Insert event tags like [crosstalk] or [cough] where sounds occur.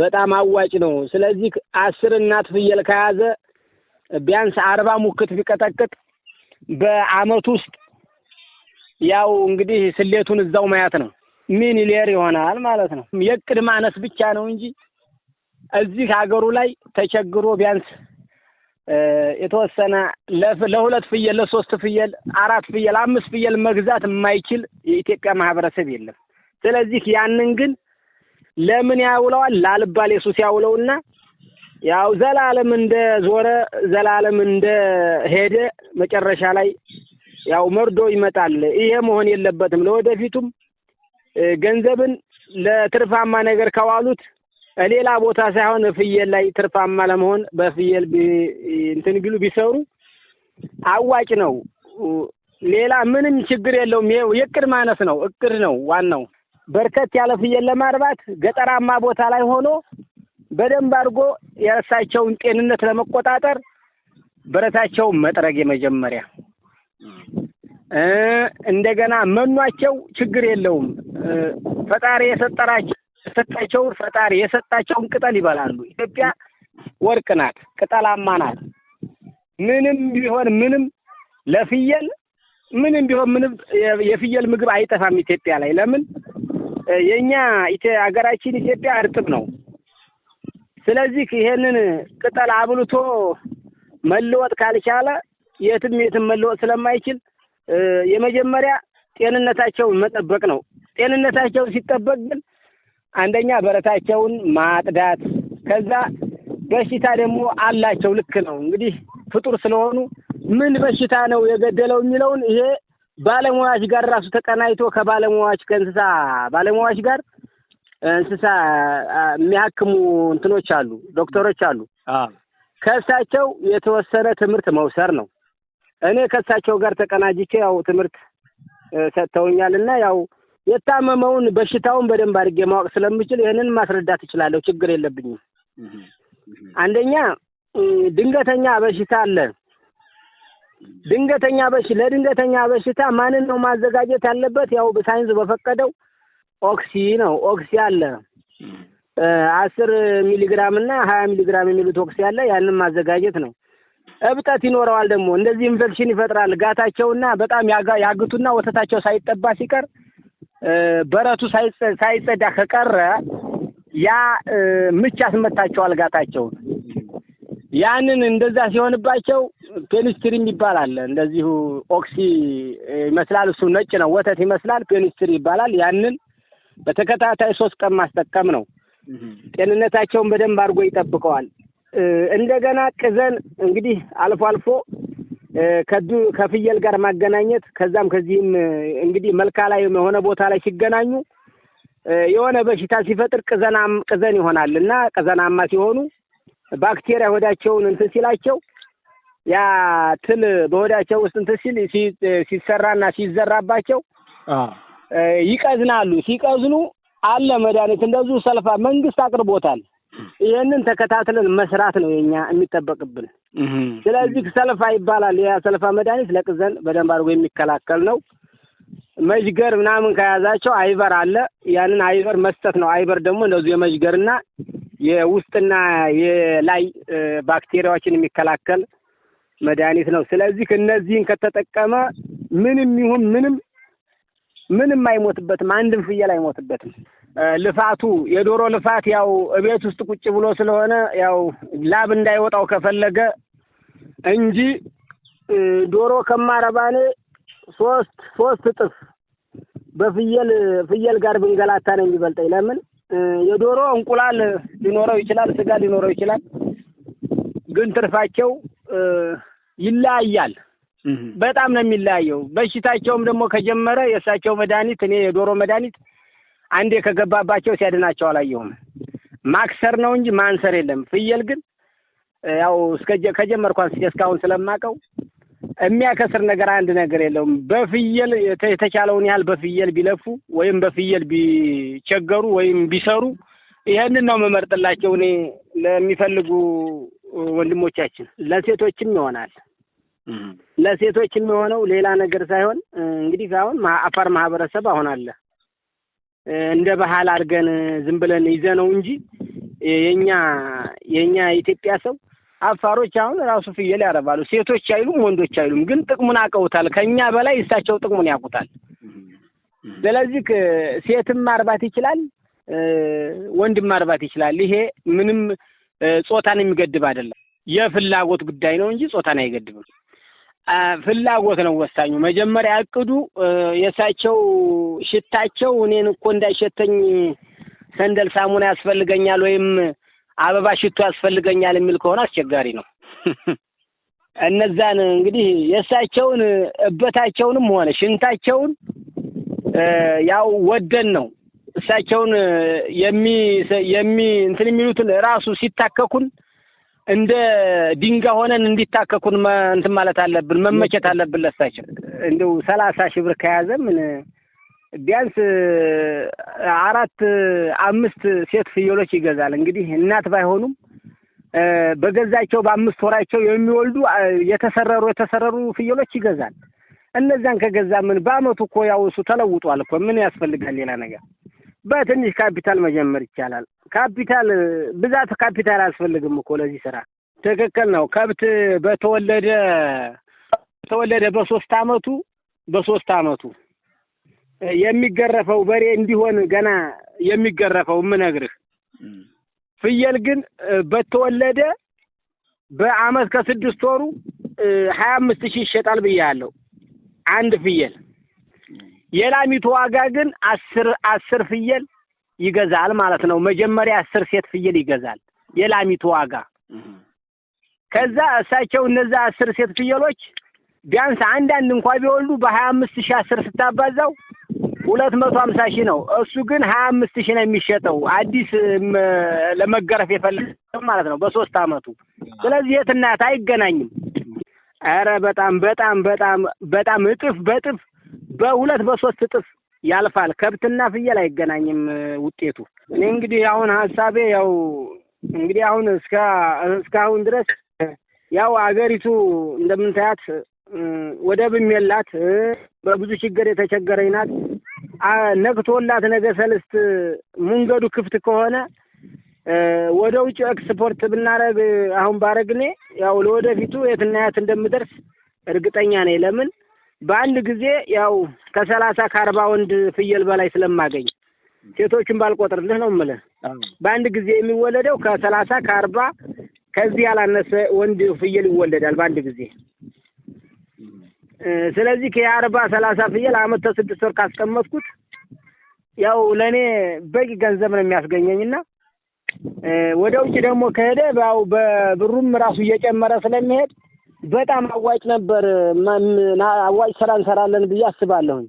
በጣም አዋጭ ነው። ስለዚህ አስር እናት ፍየል ከያዘ ቢያንስ አርባ ሙክት ቢቀጠቅጥ በአመት ውስጥ ያው እንግዲህ ስሌቱን እዛው ማያት ነው ሚሊየነር ይሆናል ማለት ነው። የቅድ ማነስ ብቻ ነው እንጂ እዚህ ሀገሩ ላይ ተቸግሮ ቢያንስ የተወሰነ ለሁለት ፍየል፣ ለሶስት ፍየል፣ አራት ፍየል፣ አምስት ፍየል መግዛት የማይችል የኢትዮጵያ ማህበረሰብ የለም። ስለዚህ ያንን ግን ለምን ያውለዋል? ላልባል የሱስ ያውለውና ያው ዘላለም እንደ ዞረ ዘላለም እንደ ሄደ መጨረሻ ላይ ያው መርዶ ይመጣል። ይሄ መሆን የለበትም። ለወደፊቱም ገንዘብን ለትርፋማ ነገር ከዋሉት ሌላ ቦታ ሳይሆን ፍየል ላይ ትርፋማ ለመሆን በፍየል እንትን ቢሉ ቢሰሩ አዋጭ ነው። ሌላ ምንም ችግር የለውም። ይሄ የእቅድ ማነስ ነው። እቅድ ነው ዋናው። በርከት ያለ ፍየል ለማርባት ገጠራማ ቦታ ላይ ሆኖ በደንብ አድርጎ የራሳቸውን ጤንነት ለመቆጣጠር በረታቸውን መጥረግ የመጀመሪያ እንደገና መኗቸው ችግር የለውም። ፈጣሪ የሰጠራቸው የሰጣቸውን ፈጣሪ የሰጣቸውን ቅጠል ይበላሉ። ኢትዮጵያ ወርቅ ናት፣ ቅጠላማ ናት። ምንም ቢሆን ምንም ለፍየል ምንም ቢሆን ምንም የፍየል ምግብ አይጠፋም ኢትዮጵያ ላይ ለምን የእኛ ሀገራችን ኢትዮጵያ እርጥብ ነው። ስለዚህ ይሄንን ቅጠል አብልቶ መለወጥ ካልቻለ የትም የትም መለወጥ ስለማይችል የመጀመሪያ ጤንነታቸውን መጠበቅ ነው። ጤንነታቸውን ሲጠበቅ ግን አንደኛ በረታቸውን ማጥዳት፣ ከዛ በሽታ ደግሞ አላቸው። ልክ ነው እንግዲህ ፍጡር ስለሆኑ ምን በሽታ ነው የገደለው የሚለውን ይሄ ባለሙያዎች ጋር ራሱ ተቀናይቶ ከባለሙያዎች ከእንስሳ ባለሙያዎች ጋር እንስሳ የሚያክሙ እንትኖች አሉ፣ ዶክተሮች አሉ። ከእሳቸው የተወሰነ ትምህርት መውሰር ነው። እኔ ከእሳቸው ጋር ተቀናጅቼ ያው ትምህርት እና ያው የታመመውን በሽታውን በደንብ አድርጌ ማወቅ ስለምችል ይህንን ማስረዳት እችላለሁ። ችግር የለብኝም። አንደኛ ድንገተኛ በሽታ አለ። ድንገተኛ በሽ ለድንገተኛ በሽታ ማንን ነው ማዘጋጀት ያለበት? ያው በሳይንስ በፈቀደው ኦክሲ ነው። ኦክሲ አለ አስር ሚሊግራም እና ሀያ ሚሊግራም የሚሉት ኦክሲ አለ። ያንን ማዘጋጀት ነው። እብጠት ይኖረዋል ደግሞ እንደዚህ ኢንፌክሽን ይፈጥራል። ጋታቸውና በጣም ያግቱና ወተታቸው ሳይጠባ ሲቀር በረቱ ሳይጸዳ ከቀረ ያ ምች አስመታቸዋል ጋታቸውን። ያንን እንደዛ ሲሆንባቸው ፔኒስትሪ የሚባል አለ። እንደዚሁ ኦክሲ ይመስላል፣ እሱ ነጭ ነው፣ ወተት ይመስላል፣ ፔኒስትሪ ይባላል። ያንን በተከታታይ ሶስት ቀን ማስጠቀም ነው። ጤንነታቸውን በደንብ አድርጎ ይጠብቀዋል። እንደገና ቅዘን እንግዲህ አልፎ አልፎ ከዱ ከፍየል ጋር ማገናኘት ከዛም ከዚህም እንግዲህ መልካ ላይ የሆነ ቦታ ላይ ሲገናኙ የሆነ በሽታ ሲፈጥር ቅዘናም ቅዘን ይሆናል እና ቅዘናማ ሲሆኑ ባክቴሪያ ሆዳቸውን እንትን ሲላቸው ያ ትል በሆዳቸው ውስጥ እንትን ሲል ሲሰራና ሲዘራባቸው ይቀዝናሉ። ሲቀዝኑ አለ መድኃኒት እንደዚሁ ሰልፋ መንግስት አቅርቦታል። ይህንን ተከታትለን መስራት ነው የኛ የሚጠበቅብን። ስለዚህ ሰልፋ ይባላል። ያ ሰልፋ መድኃኒት ለቅዘን በደንብ አድርጎ የሚከላከል ነው። መዥገር ምናምን ከያዛቸው አይበር አለ። ያንን አይበር መስጠት ነው። አይበር ደግሞ እንደዚሁ የመዥገርና የውስጥና የላይ ባክቴሪያዎችን የሚከላከል መድኃኒት ነው። ስለዚህ እነዚህን ከተጠቀመ ምንም ይሁን ምንም ምንም አይሞትበትም። አንድም ፍየል አይሞትበትም። ልፋቱ የዶሮ ልፋት ያው እቤት ውስጥ ቁጭ ብሎ ስለሆነ ያው ላብ እንዳይወጣው ከፈለገ እንጂ ዶሮ ከማረባኔ ሶስት ሶስት እጥፍ በፍየል ፍየል ጋር ብንገላታ ነው የሚበልጠኝ። ለምን የዶሮ እንቁላል ሊኖረው ይችላል፣ ስጋ ሊኖረው ይችላል። ግን ትርፋቸው ይለያያል። በጣም ነው የሚለያየው። በሽታቸውም ደግሞ ከጀመረ የእሳቸው መድኃኒት እኔ የዶሮ መድኃኒት አንዴ ከገባባቸው ሲያድናቸው አላየሁም። ማክሰር ነው እንጂ ማንሰር የለም። ፍየል ግን ያው ከጀመርኳ እስካሁን ስለማቀው የሚያከስር ነገር አንድ ነገር የለውም። በፍየል የተቻለውን ያህል በፍየል ቢለፉ ወይም በፍየል ቢቸገሩ ወይም ቢሰሩ ይህንን ነው መመርጥላቸው እኔ ለሚፈልጉ ወንድሞቻችን ለሴቶችም ይሆናል። ለሴቶች የሚሆነው ሌላ ነገር ሳይሆን እንግዲህ አሁን አፋር ማህበረሰብ አሁን አለ እንደ ባህል አድርገን ዝም ብለን ይዘ ነው እንጂ የኛ የኛ የኢትዮጵያ ሰው አፋሮች አሁን ራሱ ፍየል ያረባሉ። ሴቶች አይሉም፣ ወንዶች አይሉም፣ ግን ጥቅሙን አውቀውታል። ከኛ በላይ እሳቸው ጥቅሙን ያውቁታል። ስለዚህ ሴትም ማርባት ይችላል፣ ወንድም ማርባት ይችላል። ይሄ ምንም ጾታን የሚገድብ አይደለም። የፍላጎት ጉዳይ ነው እንጂ ጾታን አይገድብም። ፍላጎት ነው ወሳኙ። መጀመሪያ እቅዱ የእሳቸው ሽታቸው እኔን እኮ እንዳይሸተኝ ሰንደል ሳሙና ያስፈልገኛል ወይም አበባ ሽቶ ያስፈልገኛል የሚል ከሆነ አስቸጋሪ ነው። [laughs] እነዛን እንግዲህ የእሳቸውን እበታቸውንም ሆነ ሽንታቸውን ያው ወደን ነው እሳቸውን የሚ የሚ እንትን የሚሉትን ራሱ ሲታከኩን እንደ ድንጋይ ሆነን እንዲታከኩን እንትን ማለት አለብን፣ መመቸት አለብን ለሳቸው። እንዲሁ ሰላሳ ሺህ ብር ከያዘ ምን ቢያንስ አራት አምስት ሴት ፍየሎች ይገዛል። እንግዲህ እናት ባይሆኑም በገዛቸው በአምስት ወራቸው የሚወልዱ የተሰረሩ የተሰረሩ ፍየሎች ይገዛል። እነዛን ከገዛ ምን በአመቱ እኮ ያውሱ ተለውጧል እኮ ምን ያስፈልጋል ሌላ ነገር? በትንሽ ካፒታል መጀመር ይቻላል። ካፒታል ብዛት ካፒታል አያስፈልግም እኮ ለዚህ ስራ። ትክክል ነው። ከብት በተወለደ በተወለደ በሶስት አመቱ በሶስት አመቱ የሚገረፈው በሬ እንዲሆን ገና የሚገረፈው የምነግርህ። ፍየል ግን በተወለደ በአመት ከስድስት ወሩ ሀያ አምስት ሺህ ይሸጣል ብያለሁ አንድ ፍየል የላሚቱ ዋጋ ግን አስር አስር ፍየል ይገዛል ማለት ነው። መጀመሪያ አስር ሴት ፍየል ይገዛል የላሚቱ ዋጋ። ከዛ እሳቸው እነዛ አስር ሴት ፍየሎች ቢያንስ አንዳንድ እንኳ ቢወልዱ በሀያ አምስት ሺህ አስር ስታባዛው ሁለት መቶ ሀምሳ ሺህ ነው። እሱ ግን ሀያ አምስት ሺህ ነው የሚሸጠው አዲስ ለመገረፍ የፈለገ ማለት ነው በሶስት አመቱ። ስለዚህ የት እናት አይገናኝም። ኧረ በጣም በጣም በጣም በጣም እጥፍ በጥፍ በሁለት በሶስት እጥፍ ያልፋል። ከብትና ፍየል አይገናኝም ውጤቱ። እኔ እንግዲህ አሁን ሀሳቤ ያው እንግዲህ አሁን እስከ እስካሁን ድረስ ያው አገሪቱ እንደምንታያት ወደብም የላት በብዙ ችግር የተቸገረኝ ናት። ነግቶላት ነገ ሰልስት መንገዱ ክፍት ከሆነ ወደ ውጭ ኤክስፖርት ብናረግ አሁን ባረግኔ ያው ለወደፊቱ የትና የት እንደምደርስ እርግጠኛ ነኝ። ለምን በአንድ ጊዜ ያው ከሰላሳ ከአርባ ወንድ ፍየል በላይ ስለማገኝ ሴቶቹን ባልቆጥርልህ ነው የምልህ። በአንድ ጊዜ የሚወለደው ከሰላሳ ከአርባ ከዚህ ያላነሰ ወንድ ፍየል ይወለዳል በአንድ ጊዜ። ስለዚህ ከአርባ ሰላሳ ፍየል አመት ስድስት ወር ካስቀመጥኩት ያው ለእኔ በቂ ገንዘብ ነው የሚያስገኘኝና ወደ ውጭ ደግሞ ከሄደ ያው በብሩም ራሱ እየጨመረ ስለሚሄድ በጣም አዋጭ ነበር። አዋጭ ስራ እንሰራለን ብዬ አስባለሁኝ።